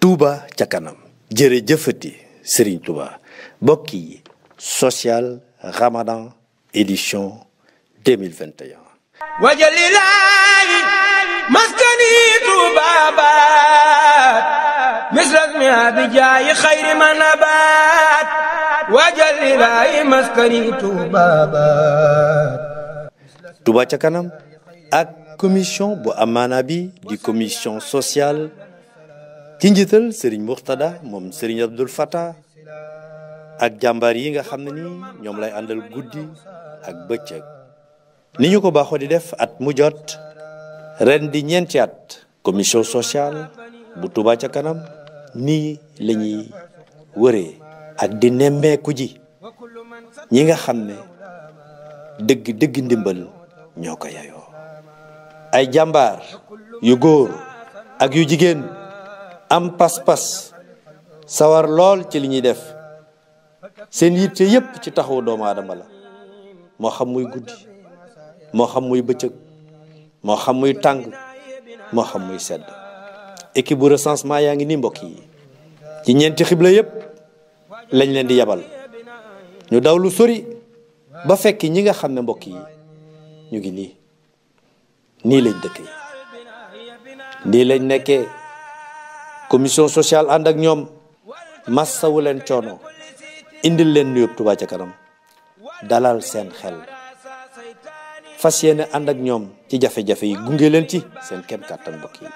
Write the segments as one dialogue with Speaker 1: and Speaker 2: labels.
Speaker 1: Touba ca kanam jërëjëfati Serigne Touba mbokk social Ramadan édition 2021
Speaker 2: wajalilaayi maskani Touba baat misras mi abijaayi xayri manabaat wajalilaayi maskani Touba baat
Speaker 1: Touba ca kanam ak commission bu amaana di commission sociale ci njiital Serigne Mourtada moom Serigne Abdul Fattah ak jàmbaar yi nga xam ne ni ñoom lay àndal guddi ak bëccëg ni ñu ko baaxoo di def at mu jot ren di ñeenti at commission sociale bu Touba ca kanam nii lañuy ñuy wëree ak di nemmeeku ji ñi nga xam ne dëgg dëgg ndimbal ñoo yayoo ay jàmbaar yu góor ak yu jigéen am pas-pas sawar lool ci li ñuy def seen yitte yépp ci taxawu doomu aadama la moo xam muy guddi moo xam muy bëccëg moo xam muy tàng moo xam muy sedd équipe bu recensement yaa ngi nii mbokk yi ci ñeenti xibla yépp lañ leen di yabal ñu daw lu sori ba fekk ñi nga xam ne mbokk yi ñu ngi nii nii lañ dëkkee nii lañ nekkee commission sociale ànd ak ñoom massawu leen coono indil leen nuyub Touba ca kanam dalal seen xel fas yéene ànd ak ñoom ci jafe-jafe yi gunge leen ci seen kem kàttan mbokk yi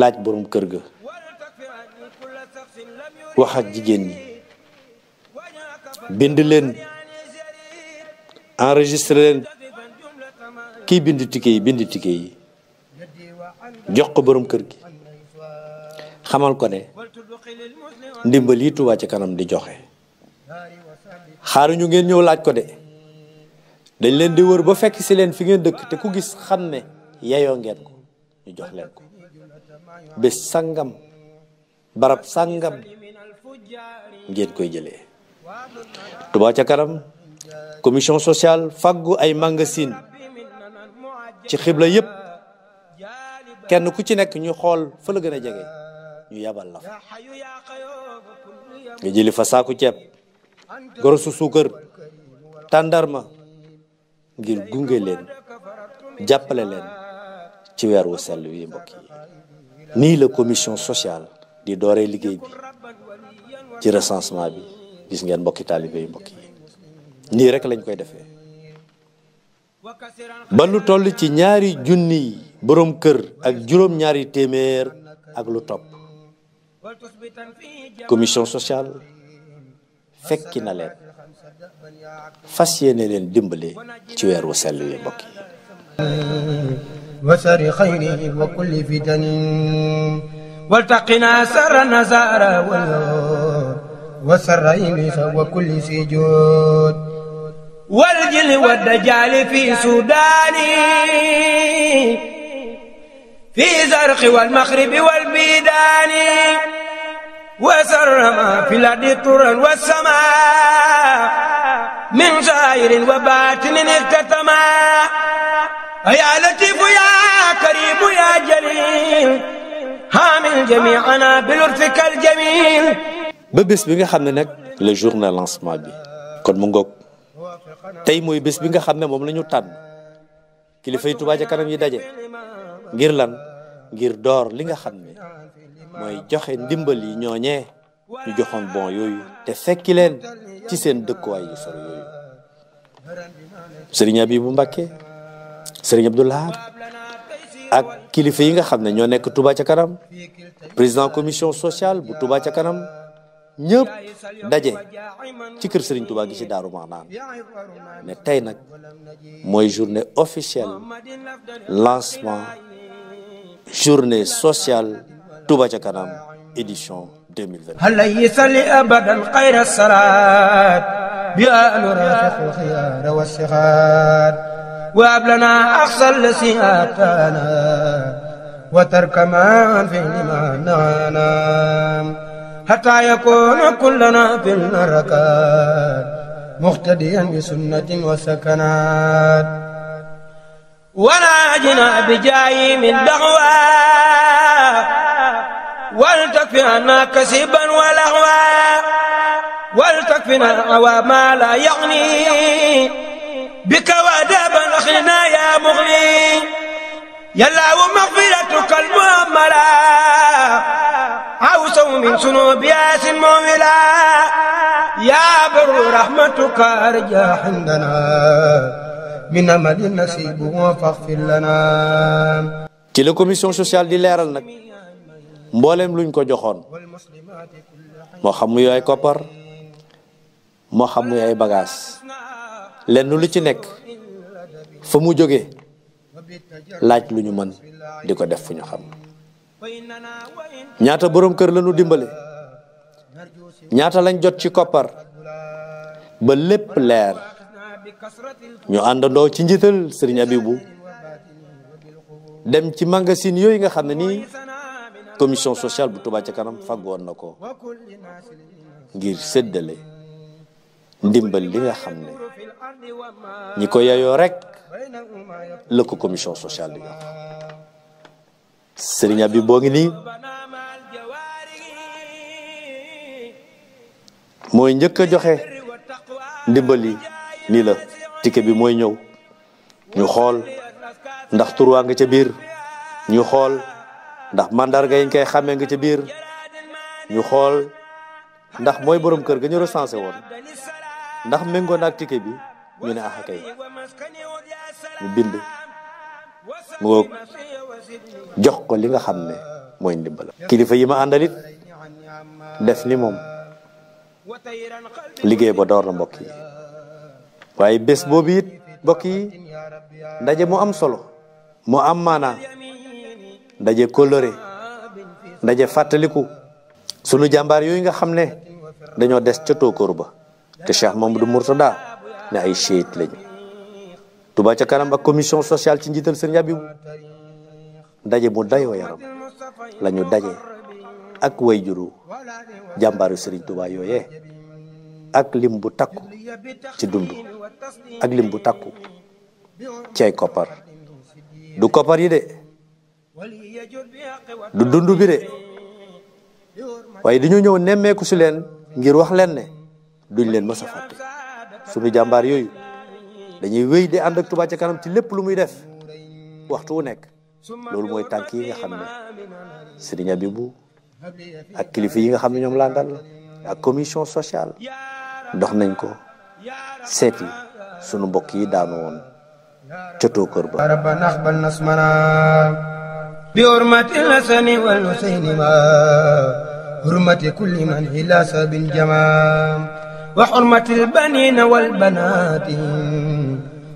Speaker 1: laaj borom kër ga wax jigéen ñi bind leen enregistré leen kii bind ticket yi bind ticket yi jox ko borom kër gi xamal ko ne ndimbal yi ci kanam di joxe xaaruñu ngeen ñëw laaj ko de dañ leen di wër ba fekk si leen fi ngeen dëkk te ku gis xam ne yeyoo ngeen ko ñu jox leen ko bés sangam barab sangam ngeen koy jëlee Touba ca kanam commission sociale faggu ay magasin ci xibla yépp kenn ku ci nekk ñu xool fa la gën a jege ñu yabal la fa jëli fa saaku ceeb gorosu suukar tàndarma ngir gunge leen jàppale leen ci weer wu sell wi mbokk yi nii la commission sociale di dooree liggéey bi ci recensement bi gis ngeen mbokki taalibe yi mbokk yi nii rek lañ koy defee ba lu toll ci ñaari junni borom kër ak juróom ñaari téeméer ak lu topp commission sociale fekki na leen fas yéene leen dimbale ci weeru sell wi mbokk yi
Speaker 2: wasari xayri wa kulli fitanin waltaqina sara nasara wasarra iblisa wa kulli sijud waljil wa dajali fi sudani
Speaker 1: في زرق والمغرب
Speaker 2: والبيدان وسرما في الأرض طرا والسماء من ظاهر وباطن اختتما يا لطيف يا كريم يا جليل حامل جميعنا بلطفك الجميل
Speaker 1: ba bés bi nga xam ne nag le journal lancement bi kon mu ngoog tey mooy bés bi nga xam ne moom la ñu tànn kilifay Touba ca kanam yi daje ngir lan ngir door li nga xam ne mooy joxe ndimbal yi ñooñee bon yooyu te fekki leen ci seen dëkkuwaay yu sori yooyu sëriñ Abibu Mbàkke sëriñ Abdoulahat ak kilifa yi nga xam ne ñoo nekk Touba ca kanam président commission sociale bu Touba ca kanam ñëpp daje ci kër sëriñ Touba gi ci Daaru Marnaan ne tey nag mooy journée officielle lancement journée sociale Touba ca kanam édition 2020
Speaker 2: هل يصلي ابدا خير الصلاه بأهل رافق الخيار والصغار وابلنا احسن الذي اتانا وترك ما في لما نعنا حتى يكون كلنا في الركات مقتديا بسنه وسكنات وراجنا بجاي من دغوى ولتكفي عنا كسبا ولهوا ولتكفنا عواما لا يغني بك وادابا اخنا يا مغني يا الله مغفرتك المؤملة عوسا من ذنوب ياس مؤملا يا بر رحمتك ارجى عندنا min amalin nasibuhum faghfir
Speaker 1: lana ci la commission sociale di leeral nag mbooleem luñ ko joxoon moo xam muy ay koppar moo xam muy ay bagages lenn lu ci nekk fa mu jóge laaj lu ñu mën di ko def fu ñu xam ñaata borom kër lañu dimbale ñaata lañ jot ci koppar ba lépp leer ñu àndandoo ci njiital Serigne Abibou dem ci magasin yooyu nga xam ne nii commission sociale bu Touba ca kanam faggoon na ko ngir séddale ndimbal li nga xam ne ñi ko yayoo rek lëkk commission sociale di jox Serigne Abibou ngi nii mooy njëkk a joxe ndimbal yi. lii la ticket bi mooy ñëw ñu xool ndax tur nga ca biir ñu xool ndax mandarga yi ñu koy xàmmee nga ca biir ñu xool ndax mooy borom kër ga ñu recensé woon ndax méngoo na ak ticket bi ñu ne ah mu ngoog jox ko li nga xam ne mooy ndimbal kilifa yi ma àndalit def ni moom liggéey ba door na mbokk yi waaye bés boobu it mbokk yi ndaje mu am solo mu am maanaa ndaje coloré ndaje fàttaliku sunu jàmbaar yooyu nga xam ne dañoo des ca tóokóor ba te Cheikh Mamadou Mourtada ne ay chéit lañu Touba ca kanam ak commission sociale ci njiital sëriñ Abibu ndaje mu dayoo yaram la daje ak way juru jàmbaaru sëriñ Touba yooyee ak lim bu takku ci dund ak lim bu takku ci ay koppar du koppar yi de du dund bi de waaye dañu ñëw nemmeeku si leen ngir wax leen ne duñ leen mës a fàtte suñu jàmbaar yooyu dañuy wéy de ànd ak Touba ca kanam ci lépp lu muy def waxtu wu nekk loolu mooy tànk yi nga xam ne Serigne Abibou ak kilifa yi nga xam ne ñoom laa dal ak commission sociale dox nañ ko seeti sunu mbokk yi daanu woon ca Tookër ba rabbana aqbal
Speaker 2: nasmana bi hurmati al-hasani wal husayni ma hurmati kulli man hilasa bil jamam wa hurmati al-banina wal banati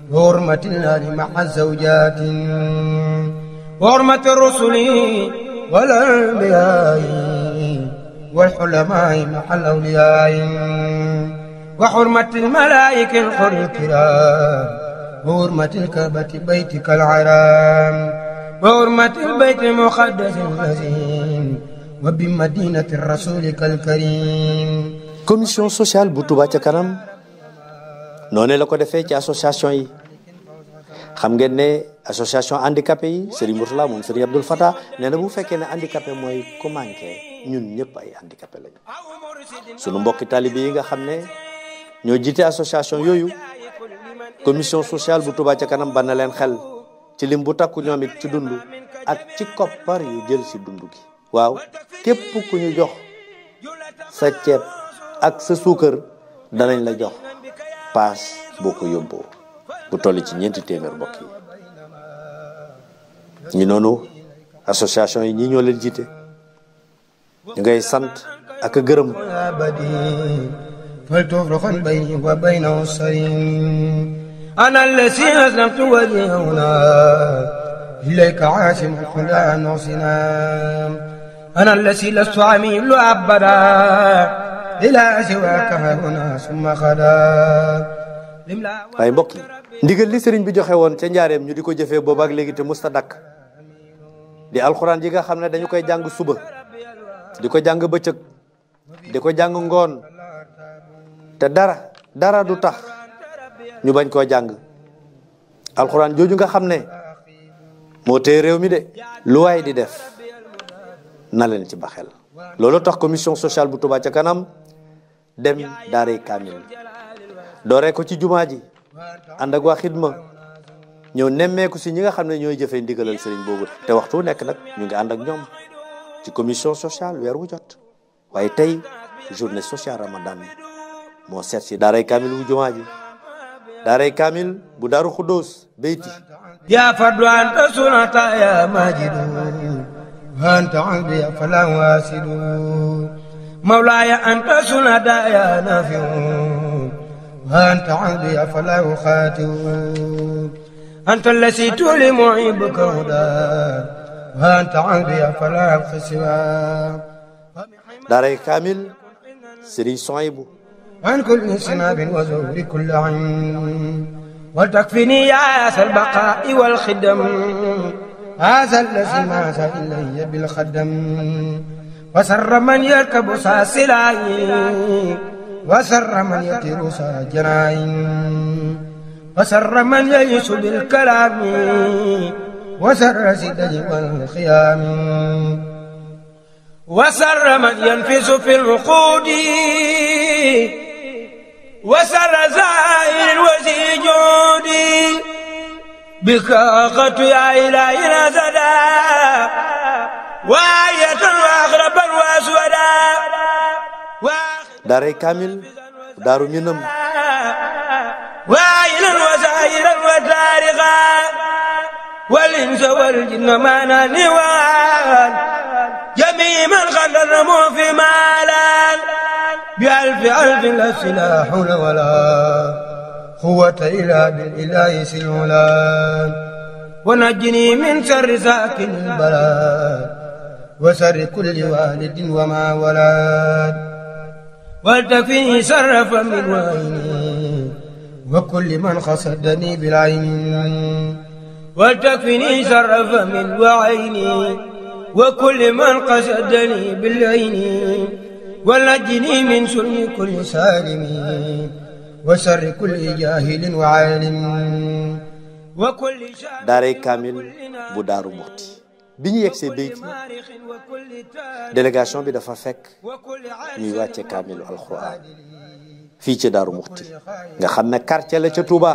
Speaker 2: wa hurmati al-ali ma'a zawjatin wa hurmati ar-rusuli wal anbiya'i wal hulama'i ma'a al-awliya'i wa xurmatil malaayikil xurri kiraam wa xurmatil kabati baytikal haraam wa xurmatil bayti muqaddasil aziim wa bi
Speaker 1: madinati rasuulikal kariim commission sociale bu Touba ca kanam noonu la ko defee ci association yi xam ngeen ne association handicapé yi Serigne Mourtala moom Serigne Abdoul Fattah nee na bu fekkee ne handicapé mooy ku manqué ñun ñëpp ay handicapé lañu sunu mbokki taalibe yi nga xam ne. ñoo jiite association yooyu commission sociale bu Touba ca kanam ban leen xel ci lim bu takku ñoom ci dund ak ci koppar yu jël si dund gi waaw képp ku ñu jox sa ceeb ak sa suukar danañ la jox paas boo ko yóbboo bu toll ci ñeenti téeméer mbokk yi ñu noonu association yi ñi ñoo jiite ñu ngay sant ak a gërëm
Speaker 2: فلتفرقا بيني وبينه السليم أنا الذي أسلمت وجهي هنا إليك عاصم كل أن وصنام أنا الذي لست عميل أبدا إلى سواك هنا ثم خدا
Speaker 1: waaye mbokk yi ndigal li sëriñ bi joxe woon ca njaareem ñu di ko jëfee boobaak léegi te musta dakk di alxuraan yi nga xam ne dañu koy jàng suba di ko jàng bëccëg di ko jàng ngoon dara dara du tax ñu bañ koo jàng alxuraan jooju nga xam ne moo téye réew mi de lu waay di def na leen ci baxel loolu tax commission sociale bu Touba ca kanam dem daaray kaamil dooree ko ci jumaa ji ànd ak waa xidma ñëw nemmeeku si ñi nga xam ne ñooy jëfee ndigalal sëriñ boobu te waxtu nekk nag ñu ngi ànd ak ñoom ci commission sociale weer wu jot waaye tey journée sociale ramadan moo seet si daaray kaamil bu jumaa ji daaray kaamil bu daaru xuddoos beyti yaa fadlu
Speaker 2: anta sunata ya majidu anta abdi ya falan wasidu mawlaaya anta sunata ya nafiu anta abdi ya falan xaatiu anta allasi tuli muhibuka hudaa
Speaker 1: daaray kaamil sëriñ Sohaybu
Speaker 2: عن كل سناب وزور كل عين وتكفني يا أسى البقاء والخدم هذا الذي ماس إلي بالخدم وسر من يركب ساسلاي وسر من يطير ساجراين وسر من يعيش بالكلام وسر سدي والخيام وسر من ينفس في العقود وسر زائر وزي جودي بك أخت يا إلهي نزدا وآية وأغربا
Speaker 1: وأسودا داري كامل دارو منم
Speaker 2: وائلا وزائرا وتارغا والإنس والجن معنا نوال جميع من خلقناه في مالان بألف ألف لف لا حول ولا قوة إلا بالإله سلولا ونجني من شر ساكن البلاد وشر كل والد وما ولد والتكفني شرف من وعيني وكل من خصدني بالعين والتكفني شرف من وعيني وكل من قصدني بالعين ونجني من سلم كل سالم وسر كل جاهل وعالم
Speaker 1: وكل جاهل داري كامل بو دارو موتي bi ñu yegsee bayt yi délégation bi dafa fekk ñuy wàcce kaamilu alxuraan fii ci daaru muxti nga xam ne quartier la ca Touba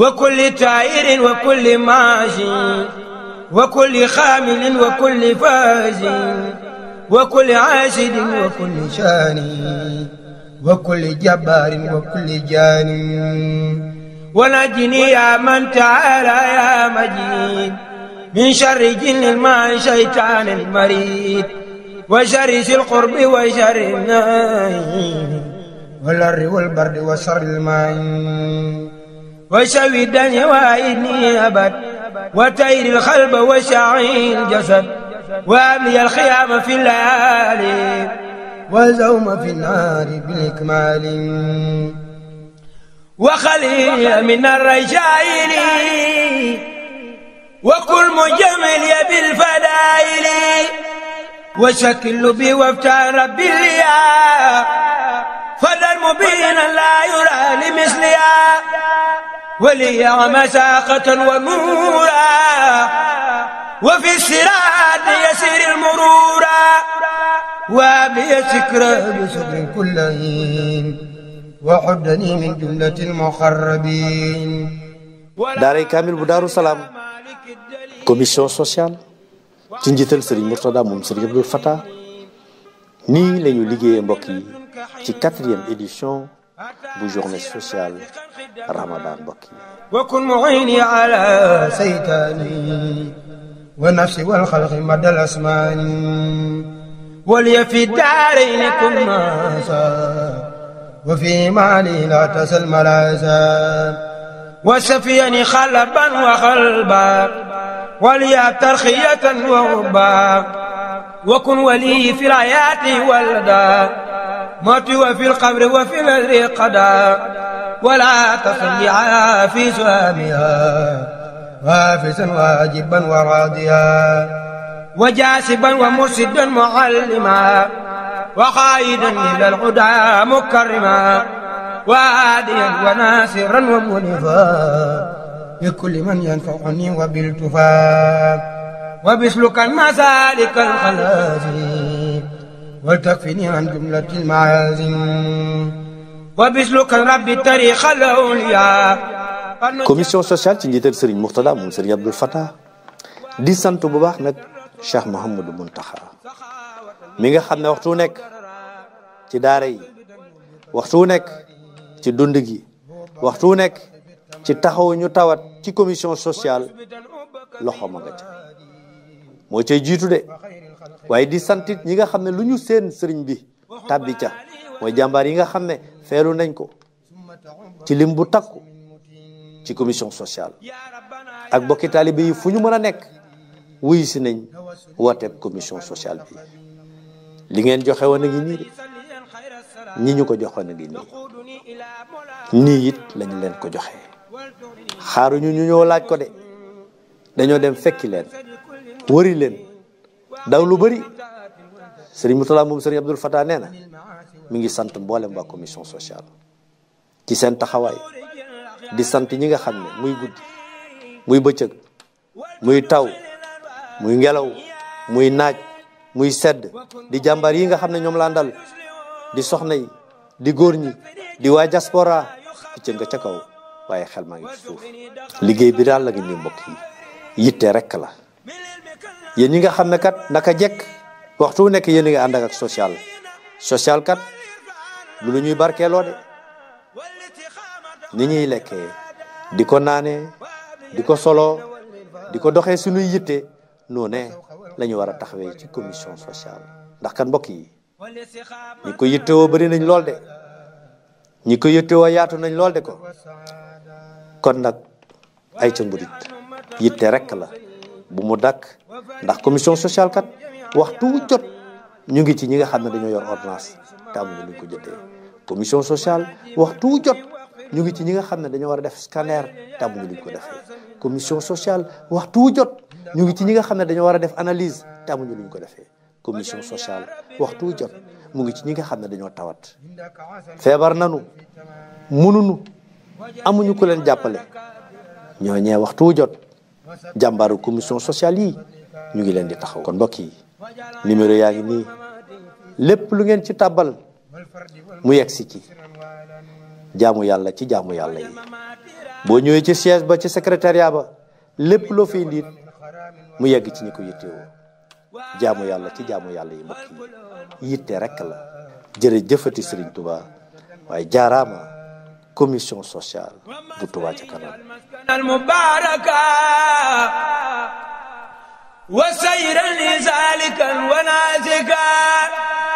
Speaker 1: wa
Speaker 2: kulli taayirin wa kulli maachin wa kulli xaamilin wa kulli faasin wa kulli aasidin wa kulli shaani wa kulli jabbaarin wa kulli jaani wa najjini yaa man taala yaa majiid min sharri jinnil maa shaytaanil mariid wa sharri zil qurbi wa sharri naayi wal arri wal bardi wa sharril maayi wa shawi dani wa inni abad wa tayril xalba wa shaa'il jasad وأمني الخيام في الليالي والزوم في النار بالإكمال وخلي من الرجائل وكل مجمل بالفدائل وشكل بي وافتى ربي ليا فضل مبينا لا يرى لمثليا ولي مساقة ونورا وفي السراط يسير المرورا وابي الذكرى بصدر كلهم وحدني من جملة المخربين
Speaker 1: daaray bu daaru salaam commission sociale ci njiital Serigne Mourtada moom Serigne Abdou Fata nii la ñu liggéeyee mbokk yi ci quatrième édition bu journée sociale Ramadan mbokk
Speaker 2: yi. ونفسي والخلق مدى الأسمان ولي في الدارين كن ماسا وفي مالي لا تسل ملاسا وسفيني خلبا وخلبا ولي ترخية وغبا وكن ولي في الحياة ولدا مات وفي القبر وفي الرقدا ولا تصلي في سهامها حافسا واجبا وراضيا وجاسبا ومسدا معلما وقائدا إلى العدى مكرما وهاديا وناصرا ومنفا لكل من ينفعني وبالتفا وبسلك المسالك الخلازي ولتكفني عن جملة المعازم وبسلك رب تاريخ
Speaker 1: الأولياء commission sociale ci njiital Serigne Mourtada moom Serigne Abdoul Fattah di sant bu baax nag Cheikh Mouhamadou Mountakha mi nga xam ne waxtu nekk ci daara yi waxtu nekk ci dund gi waxtu nekk ci taxaw ñu tawat ci commission sociale loxo ma nga ca moo cay jiitu de waaye di santit ñi nga xam ne lu ñu seen sëriñ bi tàbbi ca mooy jàmbaar yi nga xam ne feelu nañ ko ci lim takku ci commission sociale ak bokki taalibe fu ñu mën a nekk wuyu si nañ wooteeb commission sociale bi li ngeen joxe woon a ngi nii de ñi ñu ko joxoon a ngi nii nii it lañ leen ko joxe xaaruñu ñu ñoo laaj ko de dañoo dem fekki leen wëri leen daw lu bari sëriñ Moutala moom sëriñ Abdul Fattah nee na mi ngi sant mboolem waa commission sociale ci seen taxawaay di sant ñi nga xam ne muy guddi muy bëccëg muy taw muy ngelaw muy naaj muy sedd di jàmbaar yi nga xam ne ñoom laa dal di soxna di góor ñi di waa diaspora picc nga ca kaw waaye xel maa ngi ci suuf liggéey bi daal la ngi ni mbokk yitte rekk la yéen yi nga xam ne kat naka jekk waxtu nekk yéen a ngi ànd ak social social kat lu ñuy barkeeloo de ni ñuy lekkee di ko naanee di ko soloo di ko doxee suñuy yitte noo ne la ñu war a taxawee ci commission sociale ndax kan mbokk yi ñi ko yittewoo bari nañ lool de ñi ko yittewoo yaatu nañ lool de ko kon nag ay ca mburit yitte rekk la bu mu dakk ndax commission sociale kat waxtu wu jot ñu ngi ci ñi nga xam ne dañoo yor ordonnance te amuñu luñ ko jotee commission sociale waxtu jot ñu ngi ci ñi nga xam ne dañoo war a def scanner tàmbali ñu ko defee commission sociale waxtu jot ñu ngi ci ñi nga xam ne dañoo war a def analyse tàmbali ñu ko defee commission sociale waxtu wu jot mu ngi ci ñi nga xam ne dañoo tawat feebar nanu mënuñu amuñu ko leen jàppale ñoo ñee waxtu jot jàmbaaru commission sociale yi ñu ngi leen di taxaw kon mbokk yi numéro yaa ngi nii lépp lu ngeen ci tabal mu yegg si ci jaamu yàlla ci jaamu yàlla yi boo ñëwee ci siège ba ci secrétariat ba lépp loo fi indi mu yegg ci ñi ko yittewoo jaamu yàlla ci jaamu yàlla yi mbokk yi yitte rekk la jërëjëfati Serigne Touba waaye jaaraama commission sociale bu Touba ca kanam
Speaker 2: mubaraka wa sayran li zalika wa